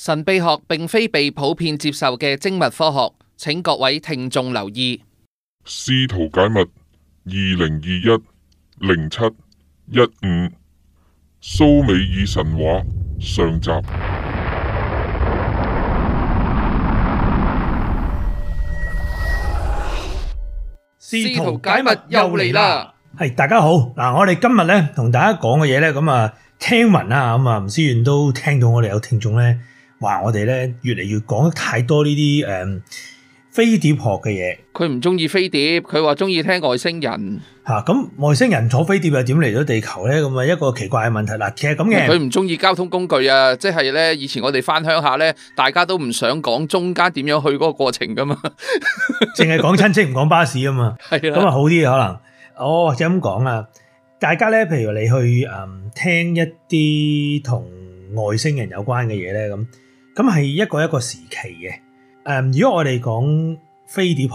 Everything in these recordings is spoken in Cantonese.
神秘學並非被普遍接受嘅精密科學，請各位聽眾留意。試圖解密二零二一零七一五蘇美爾神話上集。試圖解密又嚟啦！係大家好，嗱，我哋今日咧同大家講嘅嘢咧，咁啊聽聞啦，咁啊唔知願都聽到我哋有聽眾咧。話我哋咧越嚟越講得太多呢啲誒飛碟學嘅嘢，佢唔中意飛碟，佢話中意聽外星人吓。咁、啊、外星人坐飛碟又點嚟到地球咧？咁啊一個奇怪嘅問題啦、啊，其實咁嘅佢唔中意交通工具啊，即係咧以前我哋翻鄉下咧，大家都唔想講中間點樣去嗰個過程噶嘛，淨係講親戚唔講巴士啊嘛，係咁啊好啲可能。哦，即咁講啊，大家咧，譬如你去誒、嗯、聽一啲同外星人有關嘅嘢咧，咁。咁係一個一個時期嘅，誒，如果我哋講飛碟學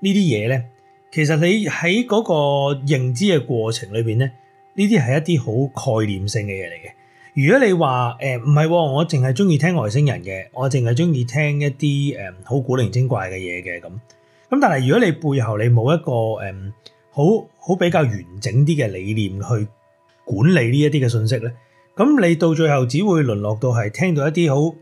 呢啲嘢咧，其實你喺嗰個認知嘅過程裏邊咧，呢啲係一啲好概念性嘅嘢嚟嘅。如果你話誒唔係喎，我淨係中意聽外星人嘅，我淨係中意聽一啲誒好古靈精怪嘅嘢嘅咁，咁但係如果你背後你冇一個誒好好比較完整啲嘅理念去管理呢一啲嘅信息咧，咁你到最後只會淪落到係聽到一啲好。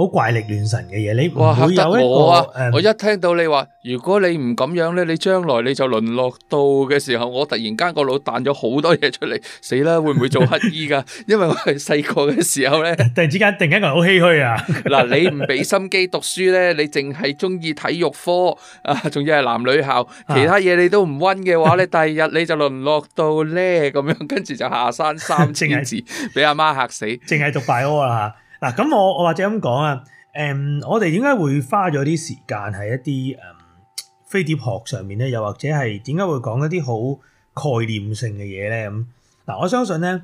好怪力亂神嘅嘢，你嚇得我啊！我一聽到你話，如果你唔咁樣咧，你將來你就淪落到嘅時候，我突然間個腦彈咗好多嘢出嚟，死啦！會唔會做乞衣噶？因為我係細個嘅時候咧，突然之間突然一個人好唏噓啊！嗱，你唔俾心機讀書咧，你淨係中意體育科啊，仲要係男女校，其他嘢你都唔溫嘅話咧，第二日你就淪落到咧咁樣，跟住就下山三千字，俾阿媽嚇死，淨係讀大屙啦！嗱咁我我或者咁講啊，誒、嗯、我哋點解會花咗啲時間喺一啲誒飛碟學上面咧？又或者係點解會講一啲好概念性嘅嘢咧？咁、嗯、嗱，我相信咧，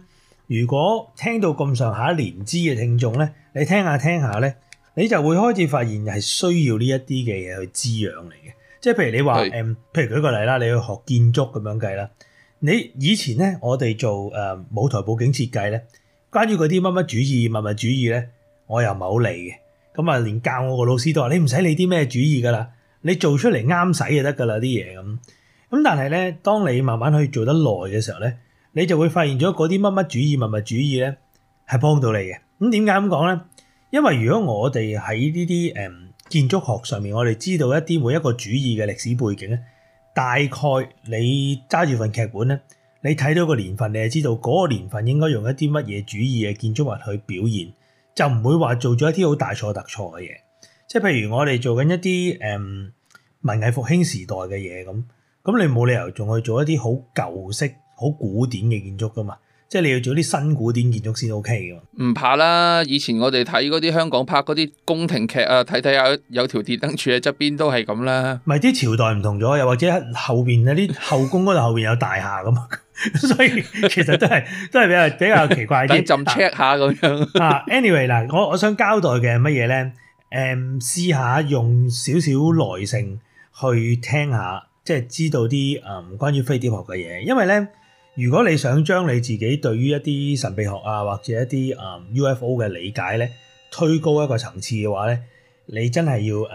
如果聽到咁上下年資嘅聽眾咧，你聽下聽下咧，你就會開始發現係需要呢一啲嘅嘢去滋養嚟嘅。即、就、係、是、譬如你話誒、嗯，譬如舉個例啦，你去學建築咁樣計啦，你以前咧我哋做誒舞、嗯、台佈景設計咧，關於嗰啲乜乜主義、物物主義咧。我又唔係好理嘅，咁啊，連教我個老師都話：你唔使理啲咩主義㗎喇，你做出嚟啱使就得㗎喇啲嘢咁。咁但係咧，當你慢慢去做得耐嘅時候咧，你就會發現咗嗰啲乜乜主義、物物主義咧，係幫到你嘅。咁點解咁講咧？因為如果我哋喺呢啲誒建築學上面，我哋知道一啲每一個主義嘅歷史背景咧，大概你揸住份劇本咧，你睇到個年份，你就知道嗰個年份應該用一啲乜嘢主義嘅建築物去表現。就唔會話做咗一啲好大錯特錯嘅嘢，即係譬如我哋做緊一啲誒、嗯、文藝復興時代嘅嘢咁，咁你冇理由仲去做一啲好舊式、好古典嘅建築噶嘛？即係你要做啲新古典建築先 OK 噶嘛？唔怕啦，以前我哋睇嗰啲香港拍嗰啲宮廷劇啊，睇睇有有條鐵燈柱喺側邊都係咁啦。咪啲、啊、朝代唔同咗，又或者後面嗰啲後宮嗰度後面有大廈噶嘛？ 所以其實都係都係比較比較奇怪啲，等陣 check 下咁樣。anyway 嗱，我我想交代嘅乜嘢咧，誒、um,，試下用少少耐性去聽下，即係知道啲誒、嗯、關於飛碟學嘅嘢。因為咧，如果你想將你自己對於一啲神秘學啊，或者一啲、um, UFO 嘅理解咧，推高一個層次嘅話咧，你真係要誒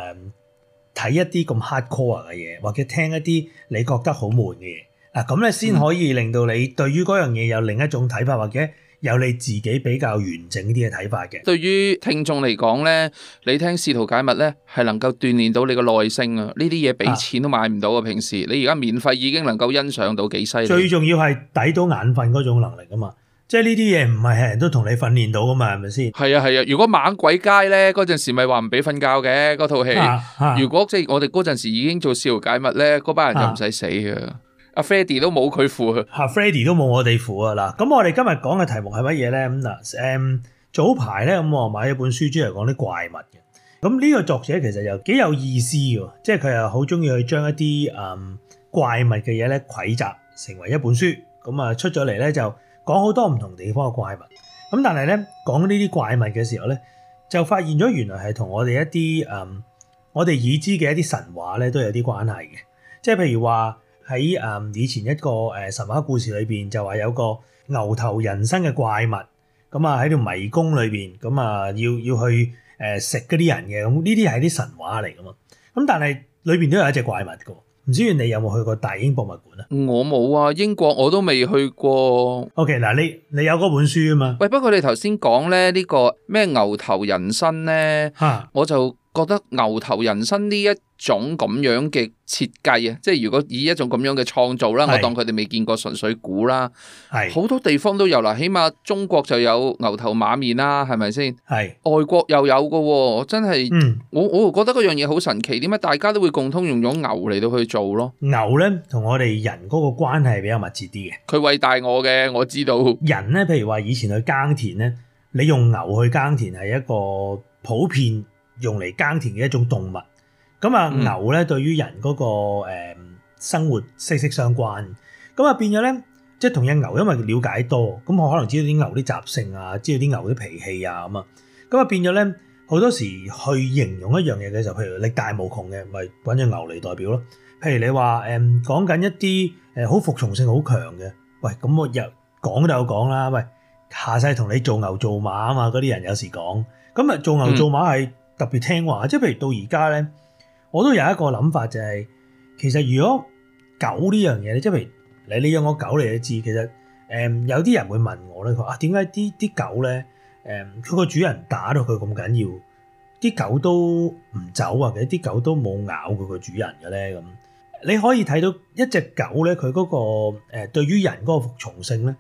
睇、嗯、一啲咁 hardcore 嘅嘢，或者聽一啲你覺得好悶嘅嘢。嗱咁咧，先可以令到你對於嗰樣嘢有另一種睇法、嗯，或者有你自己比較完整啲嘅睇法嘅。對於聽眾嚟講咧，你聽試圖解密咧，係能夠鍛煉到你個耐性啊！呢啲嘢俾錢都買唔到啊！平時你而家免費已經能夠欣賞到幾犀利。最重要係抵到眼瞓嗰種能力啊嘛！即係呢啲嘢唔係係人都同你訓練到噶嘛，係咪先？係啊係啊！如果猛鬼街咧嗰陣時咪話唔俾瞓覺嘅嗰套戲、啊啊，如果即係、就是、我哋嗰陣時已經做試圖解密咧，嗰班人就唔使死啊！啊阿 Freddy 都冇佢付，吓 Freddy 都冇我哋付噶啦。咁我哋今日講嘅題目係乜嘢咧？咁嗱，誒，早排咧咁我買咗本書，專嚟講啲怪物嘅。咁呢個作者其實又幾有意思，即係佢又好中意去將一啲誒、嗯、怪物嘅嘢咧，匯集成為一本書。咁啊出咗嚟咧，就講好多唔同地方嘅怪物。咁但係咧講呢啲怪物嘅時候咧，就發現咗原來係同我哋一啲誒、嗯，我哋已知嘅一啲神話咧都有啲關係嘅。即係譬如話。喺誒以前一個誒神話故事裏邊就話有個牛頭人身嘅怪物，咁啊喺條迷宮裏邊，咁啊要要去誒食嗰啲人嘅，咁呢啲係啲神話嚟噶嘛？咁但係裏邊都有一隻怪物噶，唔知你有冇去過大英博物館啊？我冇啊，英國我都未去過。OK，嗱你你有嗰本書啊嘛？喂，不過你頭先講咧呢個咩牛頭人身咧吓，我就，覺得牛頭人身呢一種咁樣嘅設計啊，即係如果以一種咁樣嘅創造啦，我當佢哋未見過，純粹估啦，係好多地方都有啦，起碼中國就有牛頭馬面啦，係咪先？係外國又有㗎，真係，嗯，我我覺得嗰樣嘢好神奇，點解大家都會共通用咗牛嚟到去，做咯？牛咧，同我哋人嗰個關係比較密切啲嘅。佢餵大我嘅，我知道。人咧，譬如話以前去耕田咧，你用牛去耕田係一個普遍。用嚟耕田嘅一種動物，咁啊牛咧對於人嗰個誒生活息息相關，咁啊變咗咧即係同一牛同隻牛，因為瞭解多，咁我可能知道啲牛啲習性啊，知道啲牛啲脾氣啊咁啊，咁啊變咗咧好多時去形容一樣嘢嘅時候，譬如力大無窮嘅，咪搵隻牛嚟代表咯。譬如你話誒講緊一啲誒好服從性好強嘅，喂咁我又講就有講啦，喂下世同你做牛做馬啊嘛，嗰啲人有時講，咁啊做牛做馬係。特別聽話，即係譬如到而家咧，我都有一個諗法，就係，就係其實如果狗呢樣嘢咧，即係譬如你你養個狗你都知，其實誒有啲人會問我咧，佢話啊點解啲啲狗咧誒佢個主人打到佢咁緊要，啲狗都唔走呀，或者啲狗都冇咬佢個主人嘅咧咁，你可以睇到一隻狗咧，佢嗰個誒對於人嗰個服從性咧，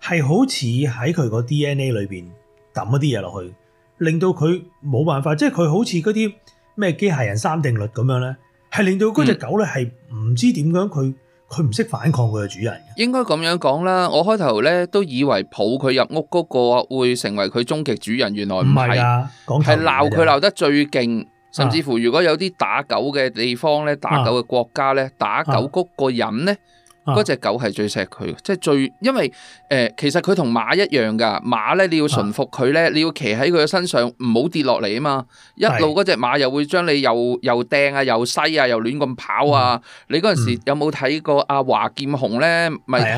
係好似喺佢個 DNA 裏邊抌一啲嘢落去。令到佢冇辦法，即係佢好似嗰啲咩機械人三定律咁樣呢，係令到嗰隻狗呢係唔知點樣，佢佢唔識反抗佢嘅主人。應該咁樣講啦，我開頭呢都以為抱佢入屋嗰個會成為佢終極主人，原來唔係，係鬧佢鬧得最勁，甚至乎如果有啲打狗嘅地方呢，打狗嘅國家呢，打狗嗰個人呢。嗰、啊、隻狗係最錫佢，即係最，因為、呃、其實佢同馬一樣噶，馬咧你要馴服佢咧、啊，你要騎喺佢嘅身上，唔好跌落嚟啊嘛！一路嗰隻馬又會將你又又掟啊，又篩啊，又亂咁跑啊！嗯、你嗰陣時有冇睇過阿、啊、華劍雄咧，咪、嗯、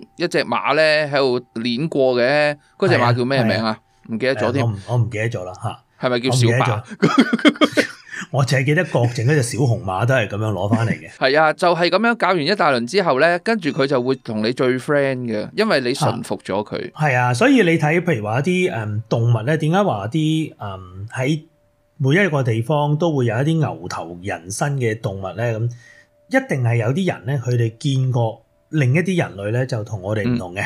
同一隻馬咧喺度碾過嘅？嗰隻、啊、馬叫咩名啊？唔記得咗添，我唔我唔記得咗啦嚇，係咪叫小白？ 我淨係記得郭靖嗰隻小紅馬都係咁樣攞翻嚟嘅。係 啊，就係、是、咁樣搞完一大輪之後咧，跟住佢就會同你最 friend 嘅，因為你馴服咗佢。係啊，啊，所以你睇譬如話一啲誒、嗯、動物咧，點解話啲誒喺每一個地方都會有一啲牛頭人身嘅動物咧？咁一定係有啲人咧，佢哋見過另一啲人類咧，就我同我哋唔同嘅。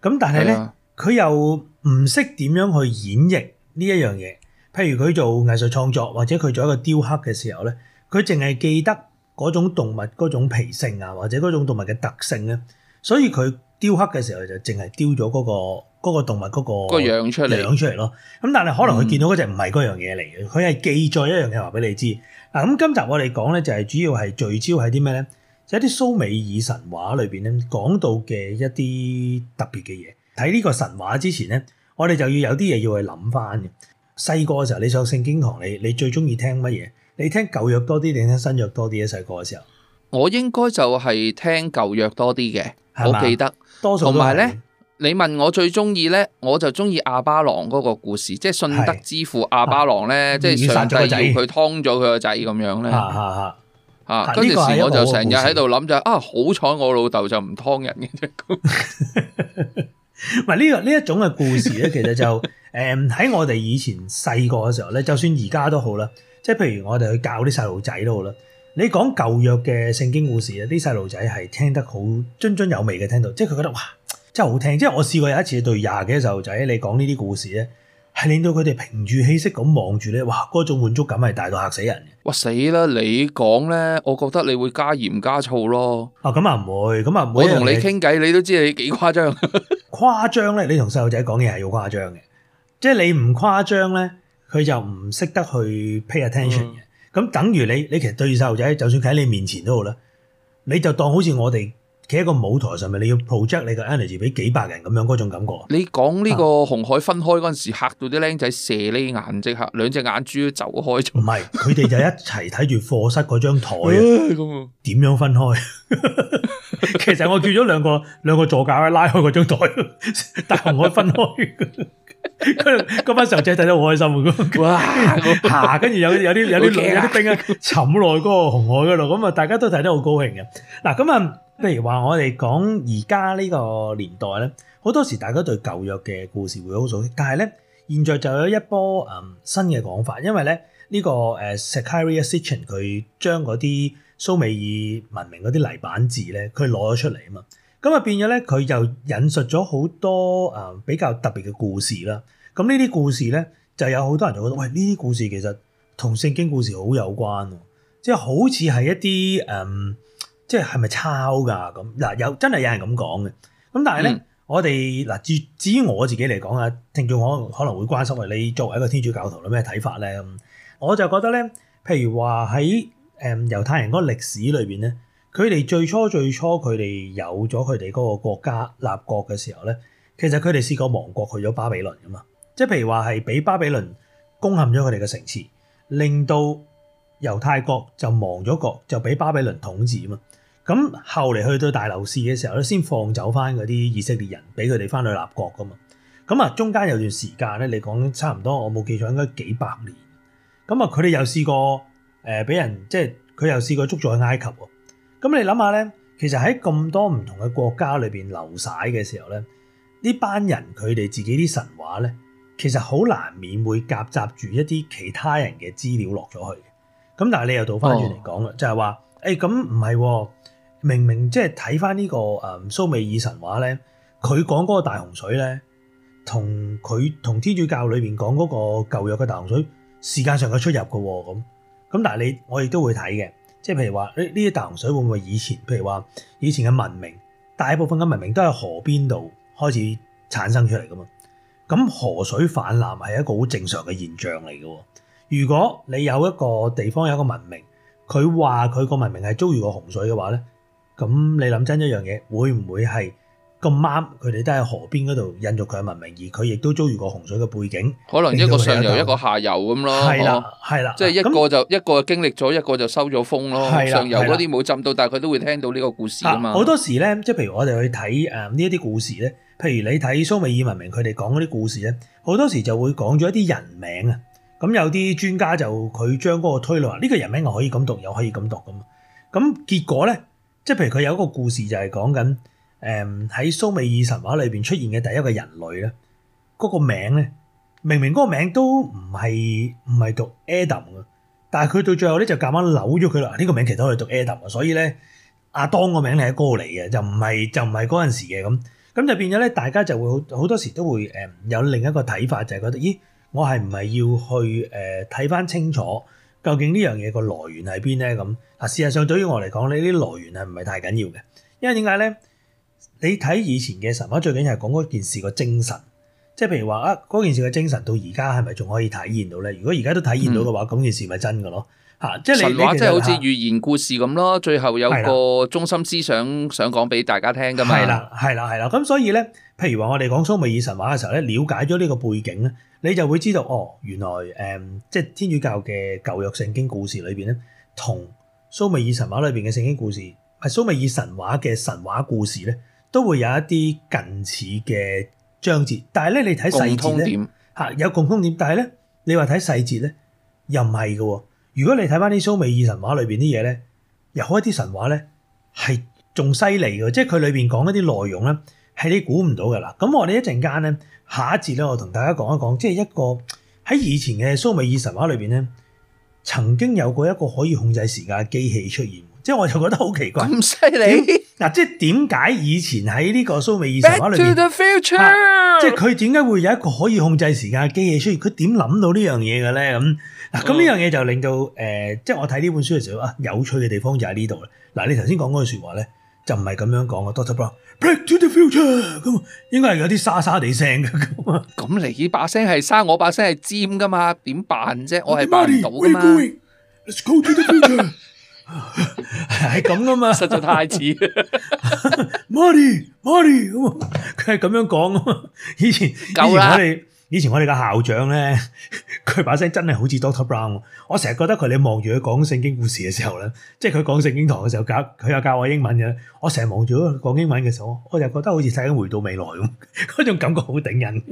咁、嗯、但係咧，佢又唔識點樣去演繹呢一樣嘢。譬如佢做藝術創作，或者佢做一個雕刻嘅時候咧，佢淨係記得嗰種動物嗰種脾性啊，或者嗰種動物嘅特性咧，所以佢雕刻嘅時候就淨係雕咗嗰、嗰個嗰、嗰個動物嗰個個樣出嚟，樣出嚟咯。咁但係可能佢見到嗰隻唔係嗰樣嘢嚟嘅，佢、嗯、係記載一樣嘢話俾你知。嗱，咁今集我哋講咧就係主要係聚焦喺啲咩咧？就係、一啲蘇美爾神話裏邊咧講到嘅一啲特別嘅嘢。睇呢個神話之前咧，我哋就要有啲嘢要去諗翻嘅。細個嘅時候，你上聖經堂，你你最中意聽乜嘢？你聽舊約多啲定聽新約多啲啊？細個嘅時候，我應該就係聽舊約多啲嘅，我記得。多數。同埋咧，你問我最中意咧，我就中意亞巴郎嗰個故事，即係信德之父亞巴郎咧、啊，即係上帝要佢劏咗佢個仔咁樣咧。啊啊跟住、啊啊啊啊這個、時我就成日喺度諗就係啊，好彩我老豆就唔劏人嘅。 唔係呢個呢一種嘅故事咧，其實就誒喺、 嗯、我哋以前細個嘅時候咧，就算而家都好啦。即係譬如我哋去教啲細路仔都好啦，你講舊約嘅聖經故事呢，啲細路仔係聽得好津津有味嘅，聽到即係佢覺得哇真係好聽。即係我試過有一次對廿幾嘅細路仔，你講呢啲故事咧，係令到佢哋屏住氣息咁望住咧，哇嗰種滿足感係大到嚇死人嘅。哇死啦！你講咧，我覺得你會加鹽加醋咯。啊咁啊唔會，咁啊唔會我同你傾偈，你都知你幾誇張。 誇張咧，你同細路仔講嘢係要誇張嘅，即係你唔誇張咧，佢就唔識得去 pay attention 嘅。咁、嗯、等於你，你其實對住細路仔，就算喺你面前都好啦，你就當好似我哋。企喺個舞台上面，你要 project 你個 energy 俾幾百人咁樣嗰種感覺。你講呢個紅海分開嗰陣時，嚇到啲僆仔射你眼，即刻，兩隻眼珠都走開咗。唔係，佢哋就一齊睇住課室嗰張台啊！咁點樣分開？其實我叫咗兩個兩個助教咧，拉開嗰張台，但紅海分開，嗰班僆仔睇得好開心啊！咁下下，跟住有有啲有啲有啲兵啊，沉落嗰個紅海嗰度，咁啊，大家都睇得好高興嘅。嗱，咁啊。譬如話我哋講而家呢個年代咧，好多時大家對舊約嘅故事會好熟悉，但係咧，現在就有一波嗯新嘅講法，因為咧呢、這個誒、呃、Sekaria Sitchin 佢將嗰啲蘇美爾文明嗰啲泥板字咧，佢攞咗出嚟啊嘛，咁啊變咗咧，佢就引述咗好多啊、嗯、比較特別嘅故事啦。咁呢啲故事咧，就有好多人就覺得，喂呢啲故事其實同聖經故事好有關、啊，即、就、係、是、好似係一啲誒。嗯即係咪抄噶咁嗱？有真係有人咁講嘅咁，但係咧，嗯、我哋嗱至至於我自己嚟講啊，聽眾可可能會關心為你作為一個天主教徒有咩睇法咧？咁我就覺得咧，譬如話喺誒猶太人嗰個歷史裏面咧，佢哋最初最初佢哋有咗佢哋嗰個國家立國嘅時候咧，其實佢哋試過亡國去咗巴比倫噶嘛，即係譬如話係俾巴比倫攻陷咗佢哋嘅城池，令到猶太國就亡咗國，就俾巴比倫統治吖嘛。咁後嚟去到大流士嘅時候咧，先放走翻嗰啲以色列人，俾佢哋翻去立國噶嘛。咁啊，中間有段時間咧，你講差唔多，我冇記錯，應該幾百年。咁啊，佢哋又試過誒俾人即係佢又試過捉咗去埃及喎。咁你諗下咧，其實喺咁多唔同嘅國家裏面流晒嘅時候咧，呢班人佢哋自己啲神話咧，其實好難免會夾雜住一啲其他人嘅資料落咗去。咁但係你又倒翻轉嚟講啦，就係話誒咁唔係。欸明明即係睇翻呢個誒蘇美爾神話咧，佢講嗰個大洪水咧，同佢同天主教裏邊講嗰個舊約嘅大洪水時間上嘅出入嘅咁咁，但係你我亦都會睇嘅，即係譬如話呢呢啲大洪水會唔會以前譬如話以前嘅文明，大部分嘅文明都喺河邊度開始產生出嚟噶嘛？咁河水泛濫係一個好正常嘅現象嚟嘅。如果你有一個地方有一個文明，佢話佢個文明係遭遇過洪水嘅話咧。咁你諗真一樣嘢，會唔會係咁啱？佢哋都喺河邊嗰度孕育佢嘅文明，而佢亦都遭遇過洪水嘅背景。可能一個上游一個下游咁咯，係啦，係啦。即、啊、係、就係、一個就一個就經歷咗，一個就收咗風咯。係啦，上游嗰啲冇浸到，但佢都會聽到呢個故事噶嘛。啊，好多時咧，即係譬如我哋去睇誒呢一啲故事咧，譬如你睇蘇美爾文明佢哋講嗰啲故事咧，好多時就會講咗一啲人名啊。咁有啲專家就佢將嗰個推論話呢、呢個人名我可以咁讀，又可以咁讀噶嘛。咁結果咧？即係譬如佢有一個故事就係講緊，誒喺蘇美爾神話裏邊出現嘅第一個人類咧，嗰個名咧，明明嗰個名都唔係唔係讀 Adam 嘅，但係佢到最後咧就夾硬扭咗佢啦。呢個名其實可以讀 Adam 嘅，所以咧阿當個名係歌嚟嘅，就唔係就唔係嗰陣時嘅咁，咁就變咗咧，大家就會好好多時都會誒有另一個睇法，就係覺得咦，我係唔係要去誒睇翻清楚？究竟呢樣嘢個來源喺邊咧？咁嗱，事實上對於我嚟講呢呢啲來源係唔係太緊要嘅，因為點解咧？你睇以前嘅神話，最緊係講嗰件事個精神，即係譬如話啊，嗰件事嘅精神到而家係咪仲可以體現到咧？如果而家都體現到嘅話，咁、嗯、件事咪真嘅咯？嚇，即係神話，即係好似寓言故事咁咯。最後有個中心思想想講俾大家聽㗎嘛。係啦，係啦，係啦。咁所以咧，譬如話我哋講蘇美爾神話嘅時候咧，了解咗呢個背景咧。你就會知道哦，原來誒、嗯，即係天主教嘅舊約聖經故事裏面，咧，同蘇美爾神話裏面嘅聖經故事，係蘇美爾神話嘅神話故事咧，都會有一啲近似嘅章節。但係咧，你睇細節咧嚇、嗯，有共通點。但係咧，你話睇細節咧，又唔係㗎喎。如果你睇翻啲蘇美爾神話裏面啲嘢咧，有一啲神話咧係仲犀利嘅，即係佢裏面講一啲內容咧。係你估唔到噶啦！咁我哋一陣間咧，下一節咧，我同大家講一講，即係一個喺以前嘅蘇美爾神話裏邊咧，曾經有過一個可以控制時間嘅機器出現。即係我就覺得好奇怪，咁犀利嗱！即係點解以前喺呢個蘇美爾神話裏邊、Back to the future! 啊，即係佢點解會有一個可以控制時間嘅機器出現？佢點諗到呢樣嘢嘅咧？咁嗱，咁呢樣嘢就令到誒、oh. 呃，即係我睇呢本書嘅時候啊，有趣嘅地方就喺呢度啦！嗱、啊，你頭先講嗰句說話咧。就唔係咁樣講啊，Doctor Brown，Back to the future 咁，應該係有啲沙沙地聲嘅咁啊。咁你把聲係沙，我把聲係尖噶嘛，點辦啫？我係 Let's go to the future，係咁啊嘛， 實在太似。Money，money，佢係咁樣講啊嘛。以前，夠啦。以前我哋嘅校長咧，佢把聲真係好似 Doctor Brown，我成日覺得佢你望住佢講聖經故事嘅時候咧，即係佢講聖經堂嘅時候教佢又教我英文嘅，我成日望住佢講英文嘅時候，我就覺得好似睇緊回到未來咁，嗰種感覺好頂癮。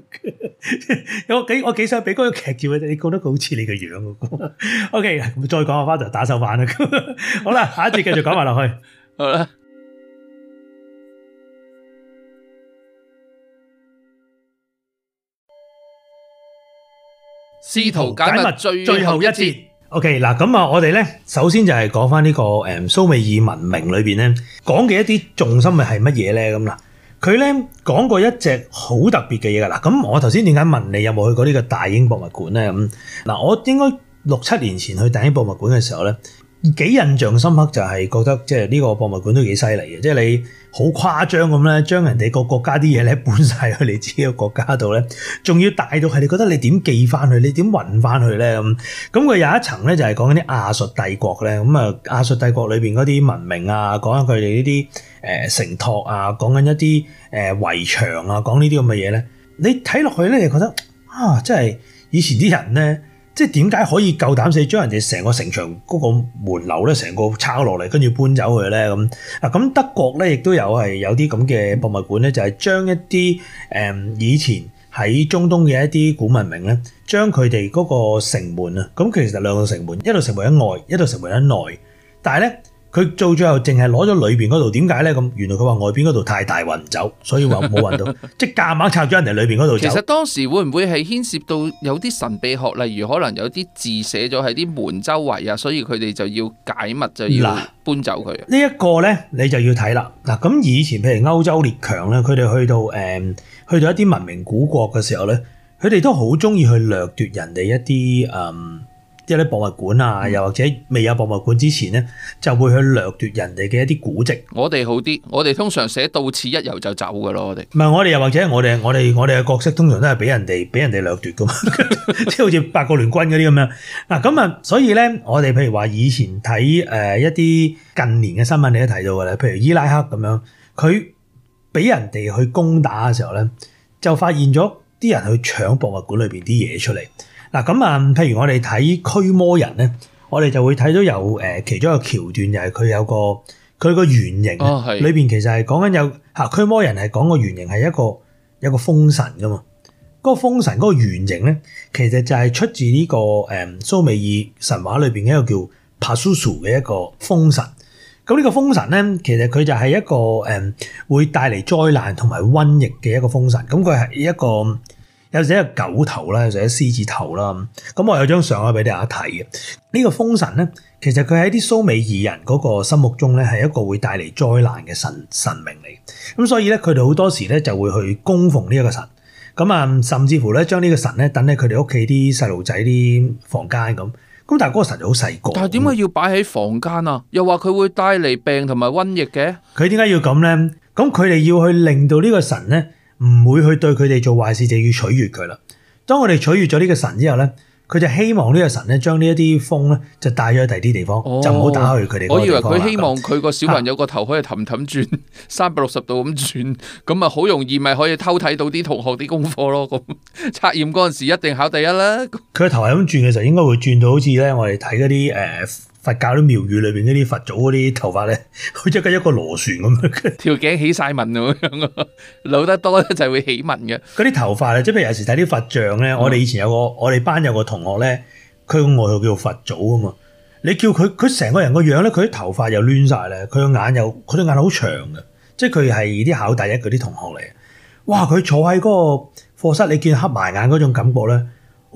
我幾我幾想俾嗰個劇照你，你覺得佢好似你嘅樣？OK，再講下返就打手板啦。好啦，下一節繼續講埋落去。 好啦。試圖解密最後次解密最後一節。OK，嗱咁啊，我哋咧首先就係講翻呢個誒蘇美爾文明裏邊咧講嘅一啲重心係乜嘢？咧咁，嗱，佢咧講過一隻好特別嘅嘢噶啦。咁我頭先點解問你有冇去過呢個大英博物館咧咁？嗱，我應該六七年前去大英博物館嘅時候咧。幾印象深刻就係、是，覺得即係呢個博物館都幾犀利嘅，即係你好誇張咁咧，將人哋個國家啲嘢咧搬晒去你自己個國家度咧，仲要大到係你覺得你點寄翻去，你點運翻去咧咁？咁佢有一層咧就係講緊啲亞述帝國咧，咁啊亞述帝國裏邊嗰啲文明啊，講緊佢哋呢啲誒承托啊，講緊一啲誒圍牆啊，講呢啲咁嘅嘢咧，你睇落去咧覺得啊，真係以前啲人咧。即係點解可以夠膽死將人哋成個城牆嗰個門樓咧，成個拆落嚟，跟住搬走佢咧咁？嗱，咁德國咧亦都有係有啲咁嘅博物館咧，就係將一啲誒以前喺中東嘅一啲古文明咧，將佢哋嗰個城門啊，咁其實兩個城門，一道城門喺外，一道城門喺內，但係咧。佢做最後淨係攞咗裏邊嗰度，點解呢？咁原來佢話外邊嗰度太大運唔走，所以話冇運到， 即係夾硬插咗人哋裏邊嗰度走。其實當時會唔會係牽涉到有啲神秘學，例如可能有啲字寫咗喺啲門周圍啊，所以佢哋就要解密就要搬走佢。呢一個呢，你就要睇啦。嗱，咁以前譬如歐洲列強呢，佢哋去到誒、嗯、去到一啲文明古國嘅時候呢，佢哋都好中意去掠奪人哋一啲誒、嗯即係啲博物館啊，又或者未有博物館之前咧、嗯，就會去掠奪人哋嘅一啲古跡。我哋好啲，我哋通常寫到此一遊就走噶咯。我哋唔係我哋，又或者我哋，我哋，我哋嘅角色通常都係俾人哋，俾人哋掠奪噶嘛，即 係 好似八國聯軍嗰啲咁樣。嗱咁啊，所以咧，我哋譬如話以前睇誒一啲近年嘅新聞，你都睇到噶啦，譬如伊拉克咁樣，佢俾人哋去攻打嘅時候咧，就發現咗啲人去搶博物館裏邊啲嘢出嚟。嗱咁啊，譬如我哋睇驅魔人咧，我哋就會睇到有其中一個橋段，就係、是、佢有個佢個原型啊，裏、哦、面其實係講緊有吓驅魔人係講個原型係一個有一個風神㗎嘛，嗰、那個風神嗰個原型咧，其實就係出自呢個誒蘇美爾神話裏面一個叫帕蘇蘇嘅一個風神。咁呢個風神咧，其實佢就係一個誒會帶嚟災難同埋瘟疫嘅一個風神。咁佢係一個。有時一個狗頭啦，有時一獅子頭啦。咁我有張相可以俾大家睇嘅。呢個風神咧，其實佢喺啲蘇美爾人嗰個心目中咧，係一個會帶嚟災難嘅神神明嚟。咁所以咧，佢哋好多時咧就會去供奉呢一個神。咁啊，甚至乎咧，將呢個神咧等喺佢哋屋企啲細路仔啲房間咁。咁但係嗰個神就好細個。但係點解要擺喺房間啊？又話佢會帶嚟病同埋瘟疫嘅。佢點解要咁咧？咁佢哋要去令到呢個神咧？唔會去對佢哋做壞事，就要取悦佢啦。當我哋取悦咗呢個神之後呢，佢就希望呢個神呢，將呢一啲風呢就帶咗去第啲地方，哦、就唔好打去佢哋。我以為佢希望佢個小朋友個頭可以氹氹轉三百六十度咁轉，咁啊好容易咪可以偷睇到啲同學啲功課咯。咁測驗嗰陣時一定考第一啦。佢個頭係咁轉嘅時候，應該會轉到好似呢，我哋睇嗰啲誒。佛教啲廟宇裏邊嗰啲佛祖嗰啲頭髮咧，好似跟一個螺旋咁樣，條頸起晒紋咁樣，老得多就會起紋嘅。嗰啲頭髮咧，即係譬如有時睇啲佛像咧，我哋以前有個我哋班有個同學咧，佢外號叫做佛祖啊嘛。你叫佢，佢成個人個樣咧，佢啲頭髮又攣晒咧，佢個眼又，佢對眼好長嘅，即係佢係啲考第一嗰啲同學嚟。哇！佢坐喺嗰個課室，你見黑埋眼嗰種感覺咧。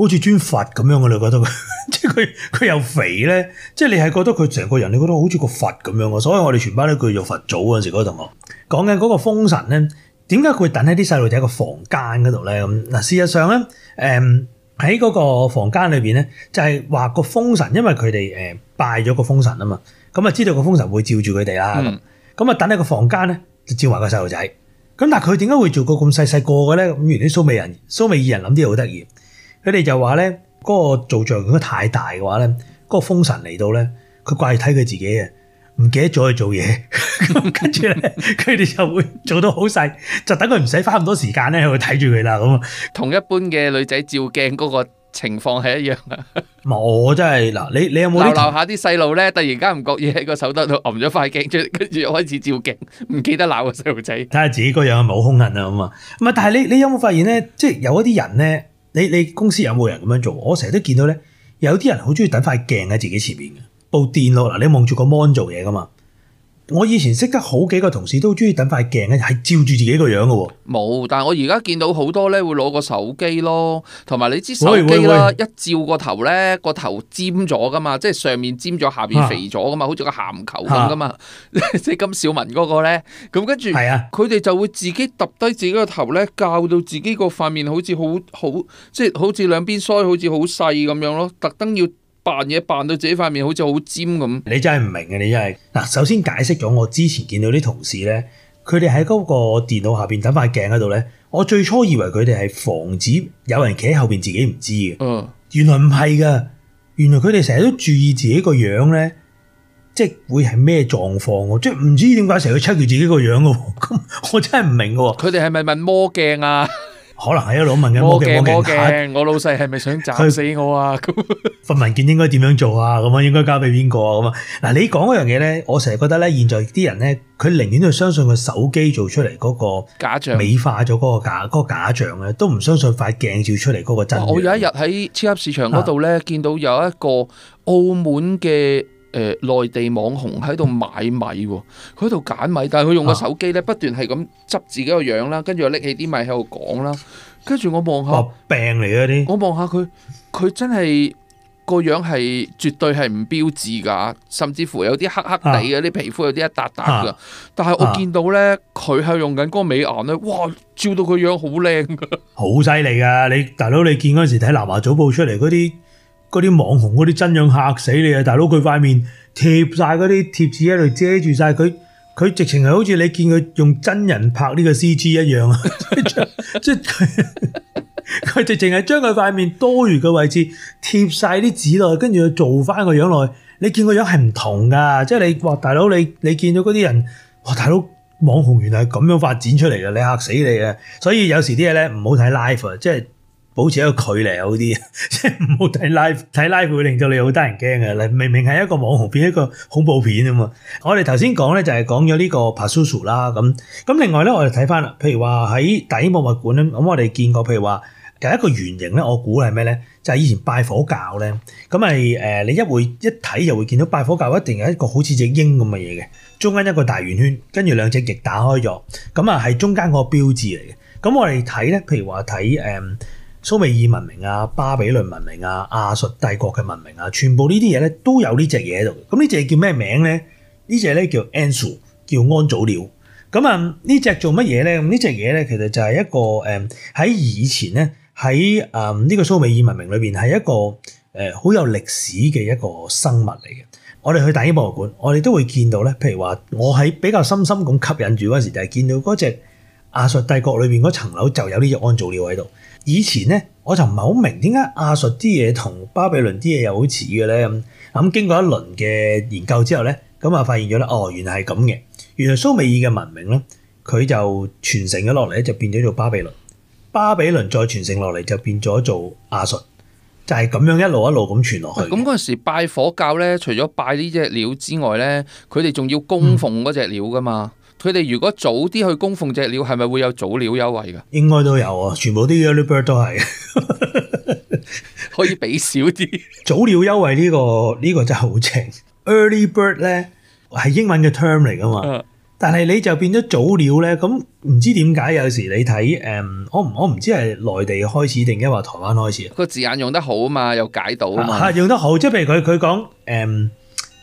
好似尊佛咁樣嘅，你覺得佢，即係佢佢又肥咧，即係你係覺得佢成個人，你覺得好似個佛咁樣嘅，所以我哋全班咧叫做佛祖嗰陣時嗰個同學。講緊嗰個封神咧，點解佢會等喺啲細路仔個房間嗰度咧咁嗱？事實上咧，誒喺嗰個房間裏邊咧，就係、是、話個封神，因為佢哋誒拜咗個封神啊嘛，咁啊知道個封神會照住佢哋啦，咁、嗯、啊等喺個房間咧就照埋個細路仔，咁但係佢點解會做個咁細細個嘅咧？咁原啲蘇美人、蘇美二人諗啲好得意。佢哋就話咧，嗰個造像如果太大嘅話咧，嗰、嗰個風神嚟到咧，佢掛住睇佢自己嘅，唔記得咗去做嘢， 跟住咧，佢哋就會做到好細，就等佢唔使花咁多時間咧去睇住佢啦。咁啊，同一般嘅女仔照鏡嗰個情況係一樣啊。唔我真係嗱，你你有冇鬧鬧下啲細路咧？突然間唔覺嘢，喺個手度揞咗塊鏡出嚟，跟住開始照鏡，唔記得鬧個細路仔，睇下自己個樣冇兇人啊咁啊。唔係，但係你你有冇發現咧？即係有一啲人咧。你你公司有冇人咁樣做？我成日都見到呢，有啲人好中意揼塊鏡喺自己前面嘅，部電腦嗱，你望住個 mon 做嘢㗎嘛。我以前識得好幾個同事都中意等塊鏡咧，係照住自己個樣嘅喎。冇，但係我而家見到好多咧，會攞個手機咯，同埋你支手機啦，喂喂一照個頭咧，個頭尖咗嘅嘛，即係上面尖咗，下邊肥咗嘅嘛，啊、好似個鹹球咁嘅嘛。即係金小文嗰個咧，咁跟住佢哋就會自己揼低自己個頭咧，教到自己個塊面好似好好，即係好似兩邊腮好似好細咁樣咯，特登要。扮嘢扮到自己塊面好似好尖咁，你真係唔明呀。你真係嗱。首先解釋咗我之前見到啲同事咧，佢哋喺嗰個電腦下邊等塊鏡喺度咧，我最初以為佢哋係防止有人企喺後邊自己唔知嘅。嗯，原來唔係噶，原來佢哋成日都注意自己個樣咧，即係會係咩狀況？即係唔知點解成日要 check 住自己個樣喎。咁我真係唔明嘅。佢哋係咪問魔鏡啊？可能係一路問緊魔鏡魔鏡，我老細係咪想斬死我啊？份 文件應該點樣做啊？咁啊，應該交俾邊個啊？咁啊，嗱，你講嗰樣嘢咧，我成日覺得咧，現在啲人咧，佢寧願就相信個手機做出嚟嗰個，個假，假象，美化咗嗰個假嗰個假象咧，都唔相信塊鏡照出嚟嗰個真。我有一日喺超級市場嗰度咧，見到有一個澳門嘅。誒、呃，內地網紅喺度買米喎，佢喺度揀米，但係佢用個手機咧，不斷係咁執自己個樣啦，跟、啊、住又拎起啲米喺度講啦，跟住我望下，病嚟嗰啲，我望下佢，佢真係個樣係絕對係唔標緻噶，甚至乎有啲黑黑地啊，啲皮膚有啲一笪笪噶，但係我見到咧，佢、啊、係用緊嗰個美顏咧，哇，照到佢樣好靚噶，好犀利噶，你大佬你見嗰陣時睇南華早報出嚟嗰啲。嗰啲網紅嗰啲真樣嚇死你啊！大佬佢塊面貼晒嗰啲貼紙喺度遮住晒佢，佢直情係好似你見佢用真人拍呢個 CG 一樣啊！即係佢直情係將佢塊面多餘嘅位置貼晒啲紙落去，跟住佢做翻個樣落去。你見個樣係唔同噶，即係你話大佬你你見到嗰啲人哇，大佬網紅原來係咁樣發展出嚟噶，你嚇死你啊！所以有時啲嘢咧，唔好睇 live 啊，即係。保持一個距離好啲，即係唔好睇 live 睇 live 會令到你好得人驚嘅。明明係一個網紅片，一個恐怖片啊嘛。我哋頭先講咧就係講咗呢個 Pazuzu 啦。咁咁另外咧，我哋睇翻啦，譬如話喺大英博物館咧，咁我哋見過，譬如話第一個圓形咧，我估係咩咧？就係、是、以前拜火教咧。咁係你一會一睇就會見到拜火教一定係一個好似隻鷹咁嘅嘢嘅，中間一個大圓圈，跟住兩隻翼打開咗。咁啊，係中間個標誌嚟嘅。咁我哋睇咧，譬如話睇蘇美爾文明啊、巴比倫文明啊、亞述帝國嘅文明啊，全部呢啲嘢咧都有呢隻嘢喺度。咁呢隻嘢叫咩名咧？呢隻咧叫安祖，叫安祖鳥。咁啊，呢隻做乜嘢咧？咁呢隻嘢咧，其實就係一個誒喺以前咧喺誒呢個蘇美爾文明裏邊係一個誒好有歷史嘅一個生物嚟嘅。我哋去大英博物館，我哋都會見到咧。譬如話我喺比較深深咁吸引住嗰陣時，就係見到嗰隻亞述帝國裏邊嗰層樓就有呢隻安祖鳥喺度。以前咧，我就唔係好明點解亞述啲嘢同巴比倫啲嘢又好似嘅咧咁。咁經過一輪嘅研究之後咧，咁啊發現咗啦，哦，原來係咁嘅。原來蘇美爾嘅文明咧，佢就傳承咗落嚟咧，就變咗做巴比倫。巴比倫再傳承落嚟就變咗做亞述，就係咁樣一路一路咁傳落去。咁嗰陣時拜火教咧，除咗拜呢隻鳥之外咧，佢哋仲要供奉嗰隻鳥㗎嘛？佢哋如果早啲去供奉隻鳥，係咪會有早鳥優惠㗎？應該都有啊，全部啲 early bird 都係 可以俾少啲早鳥優惠呢、呢個呢、呢個真係好正。early bird 咧係英文嘅 term 嚟噶嘛，uh, 但係你就變咗早鳥咧，咁唔知點解有時你睇誒、um,，我唔我唔知係內地開始定而家話台灣開始個字眼用得好啊嘛，又解到啊嘛，用得好即係譬如佢佢講誒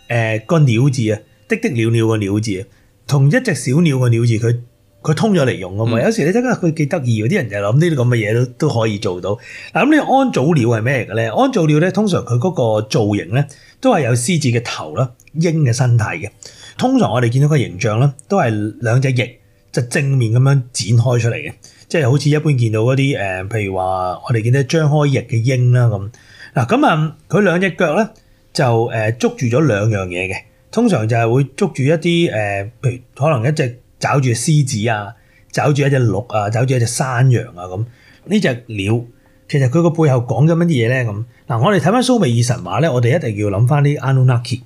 誒個鳥字啊，的的鳥鳥個鳥字啊。同一隻小鳥嘅鳥字，佢佢通咗嚟用㗎嘛，嗯。有時你睇下佢幾得意，啲人就諗呢啲咁嘅嘢都都可以做到。嗱咁，呢安祖鳥係咩嚟嘅咧？安祖鳥咧，通常佢嗰個造型咧，都係有獅子嘅頭啦，鷹嘅身體嘅。通常我哋見到個形象咧，都係兩隻翼就正面咁樣展開出嚟嘅，即係好似一般見到嗰啲誒，譬如話我哋見到張開翼嘅鷹啦咁。嗱咁啊，佢、嗯、兩隻腳咧就誒捉住咗兩樣嘢嘅。通常就係會捉住一啲誒，譬如可能一隻抓住獅子啊，抓住一隻鹿啊，抓住一隻山羊啊咁。呢隻鳥其實佢個背後講緊乜嘢咧咁。嗱，我哋睇翻蘇美爾神話咧，我哋一定要諗翻啲 Anunnaki。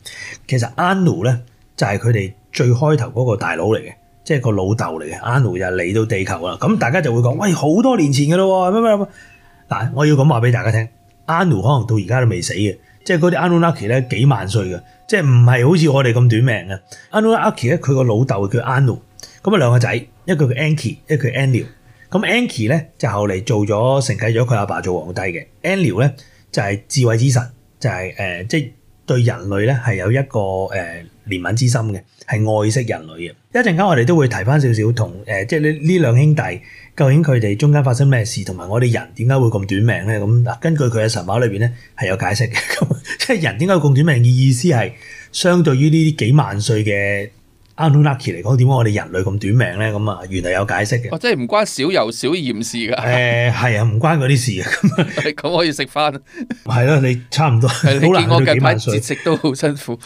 其實 Anu 咧就係佢哋最開頭嗰個大佬嚟嘅，即係個老豆嚟嘅。Anu 就嚟到地球啦，咁大家就會講：喂，好多年前嘅咯喎。咩咩咩？嗱，我要咁話俾大家聽，Anu 可能到而家都未死嘅。即係嗰啲 Anunnaki 咧幾萬歲嘅，即係唔係好似我哋咁短命嘅。Anunnaki 咧佢個老豆叫 Anu，咁啊兩個仔，一個叫 Anki，一個叫 Aniu。咁 Anki 咧就後嚟做咗承繼咗佢阿爸做皇帝嘅，Aniu 咧就係、是、智慧之神，就係誒即係對人類咧係有一個誒。呃憐憫之心嘅，係愛惜人類嘅。一陣間我哋都會提翻少少同，誒，即係呢呢兩兄弟，究竟佢哋中間發生咩事，同埋我哋人點解會咁短命咧？咁嗱，根據佢嘅神話裏邊咧，係有解釋嘅。即 係人點解會咁短命嘅意思係，相對於呢啲幾萬歲嘅。安努拉基嚟講，點解我哋人類咁短命咧？咁啊，原來有解釋嘅。哦，即係唔關少油少鹽事㗎。誒、呃，係啊，唔關嗰啲事㗎。咁，咁可以食翻。係咯，你差唔多。係你見我近排節食都好辛苦。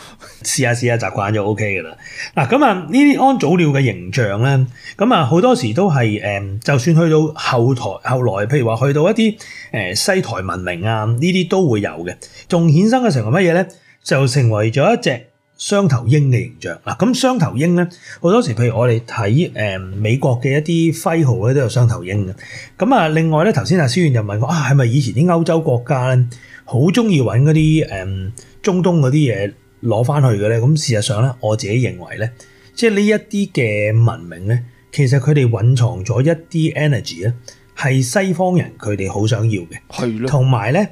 試下試下，習慣就 OK 㗎啦。嗱，咁啊，呢啲安祖鳥嘅形象咧，咁啊，好多時都係誒、呃，就算去到後台後來，譬如話去到一啲誒、呃、西台文明啊，呢啲都會有嘅。仲衍生嘅成為乜嘢咧？就成為咗一隻。雙頭鷹嘅形象，嗱，咁雙頭鷹咧，好多時，譬如我哋睇誒美國嘅一啲徽號咧，都有雙頭鷹嘅。咁啊，另外咧，頭先阿書員就問我啊，係咪以前啲歐洲國家咧，好中意揾嗰啲誒中東嗰啲嘢攞翻去嘅咧？咁事實上咧，我自己認為咧，即係呢一啲嘅文明咧，其實佢哋蘊藏咗一啲 energy 咧，係西方人佢哋好想要嘅，係咯。同埋咧，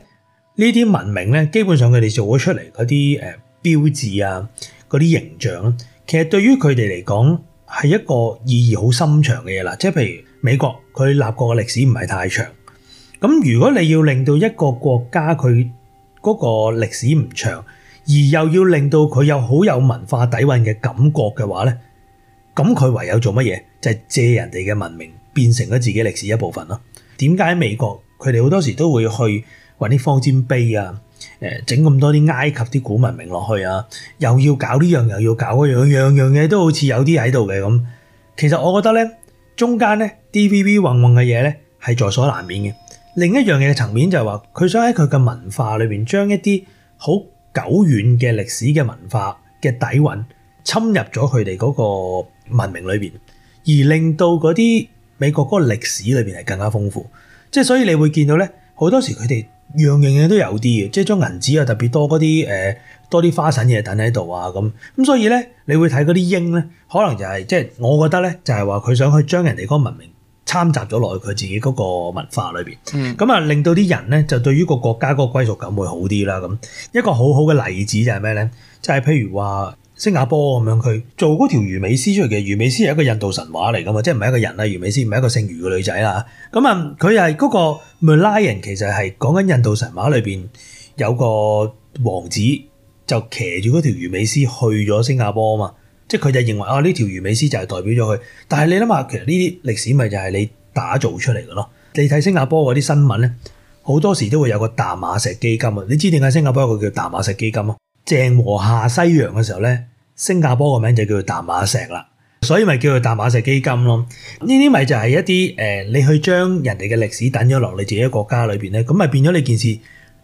呢啲文明咧，基本上佢哋做咗出嚟嗰啲誒。標誌啊，嗰啲形象，其實對於佢哋嚟講係一個意義好深長嘅嘢啦。即係譬如美國，佢立國嘅歷史唔係太長。咁如果你要令到一個國家佢嗰個歷史唔長，而又要令到佢有好有文化底蘊嘅感覺嘅話呢，咁佢唯有做乜嘢？就係借人哋嘅文明變成咗自己歷史一部分咯。點解美國佢哋好多時都會去揾啲方尖碑啊？誒，整咁多啲埃及啲古文明落去啊，又要搞呢樣，又要搞嗰樣，樣樣嘢都好似有啲喺度嘅咁。其實我覺得咧，中間咧 D V V 混混嘅嘢咧係在所難免嘅。另一樣嘢嘅層面就係話，佢想喺佢嘅文化裏邊，將一啲好久遠嘅歷史嘅文化嘅底蘊，侵入咗佢哋嗰個文明裏邊，而令到嗰啲美國嗰個歷史裏邊係更加豐富。即係所以你會見到咧，好多時佢哋。樣樣嘢都有啲嘅，即係將銀紙啊，特別多嗰啲誒多啲花神嘢等喺度啊咁，咁所以咧，你會睇嗰啲英咧，可能就係即係我覺得咧，就係話佢想去將人哋嗰個文明參雜咗落去佢自己嗰個文化裏面。咁、嗯、啊令到啲人咧就對於個國家嗰個歸屬感會好啲啦咁。一個好好嘅例子就係咩咧？就係、即係、譬如話。新加坡咁樣，佢做嗰條魚尾獅出嚟嘅，魚尾獅係一個印度神話嚟噶嘛，即係唔係一個人啦，魚尾獅唔係一個姓魚嘅女仔啦。咁啊，佢係嗰個咪拉人，其實係講緊印度神話裏邊有個王子就騎住嗰條魚尾獅去咗新加坡嘛，即係佢就認為啊呢條魚尾獅就係代表咗佢。但係你諗下，其實呢啲歷史咪就係你打造出嚟嘅咯。你睇新加坡嗰啲新聞咧，好多時都會有個大馬石基金啊，你知點解新加坡有個叫大馬石基金咯？鄭和下西洋嘅時候咧。新加坡個名就叫做大馬石啦，所以咪叫做大馬石基金咯。呢啲咪就係一啲誒，你去將人哋嘅歷史等咗落你自己國家裏邊咧，咁咪變咗你件事。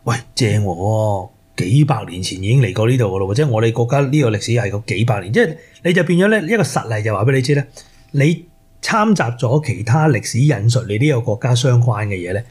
喂，正喎，幾百年前已經嚟過呢度噶咯，或者我哋國家呢個歷史係個幾百年，即係你就變咗咧一個實例，就話俾你知咧，你參雜咗其他歷史引述你呢個國家相關嘅嘢咧。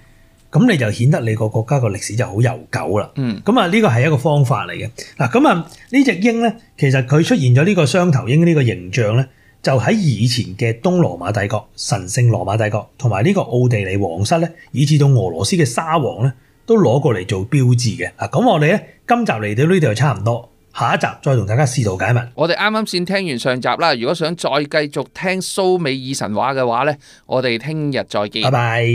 咁你就顯得你個國家個歷史就好悠久啦。嗯，咁啊呢個係一個方法嚟嘅。嗱咁啊呢隻鷹呢，其實佢出現咗呢個雙頭鷹呢個形象呢，就喺以前嘅東羅馬帝國、神聖羅馬帝國同埋呢個奧地利皇室呢，以至到俄羅斯嘅沙皇呢，都攞過嚟做標誌嘅。嗱，咁我哋呢，今集嚟到呢度就差唔多，下一集再同大家試圖解密。我哋啱啱先聽完上集啦，如果想再繼續聽蘇美爾神話嘅話呢，我哋聽日再見。拜拜。